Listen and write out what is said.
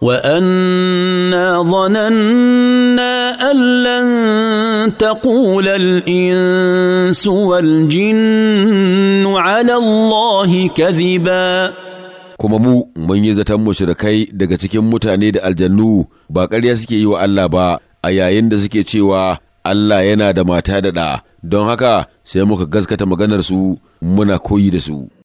وانا ظننا ان لن تقول الانس والجن على الله كذبا kuma mu mun yi zaton mushrikai daga cikin mutane da aljannu ba ƙarya suke yi wa Allah ba a yayin da suke cewa Allah yana da mata da ɗa don haka sai muka gaskata maganarsu muna koyi da su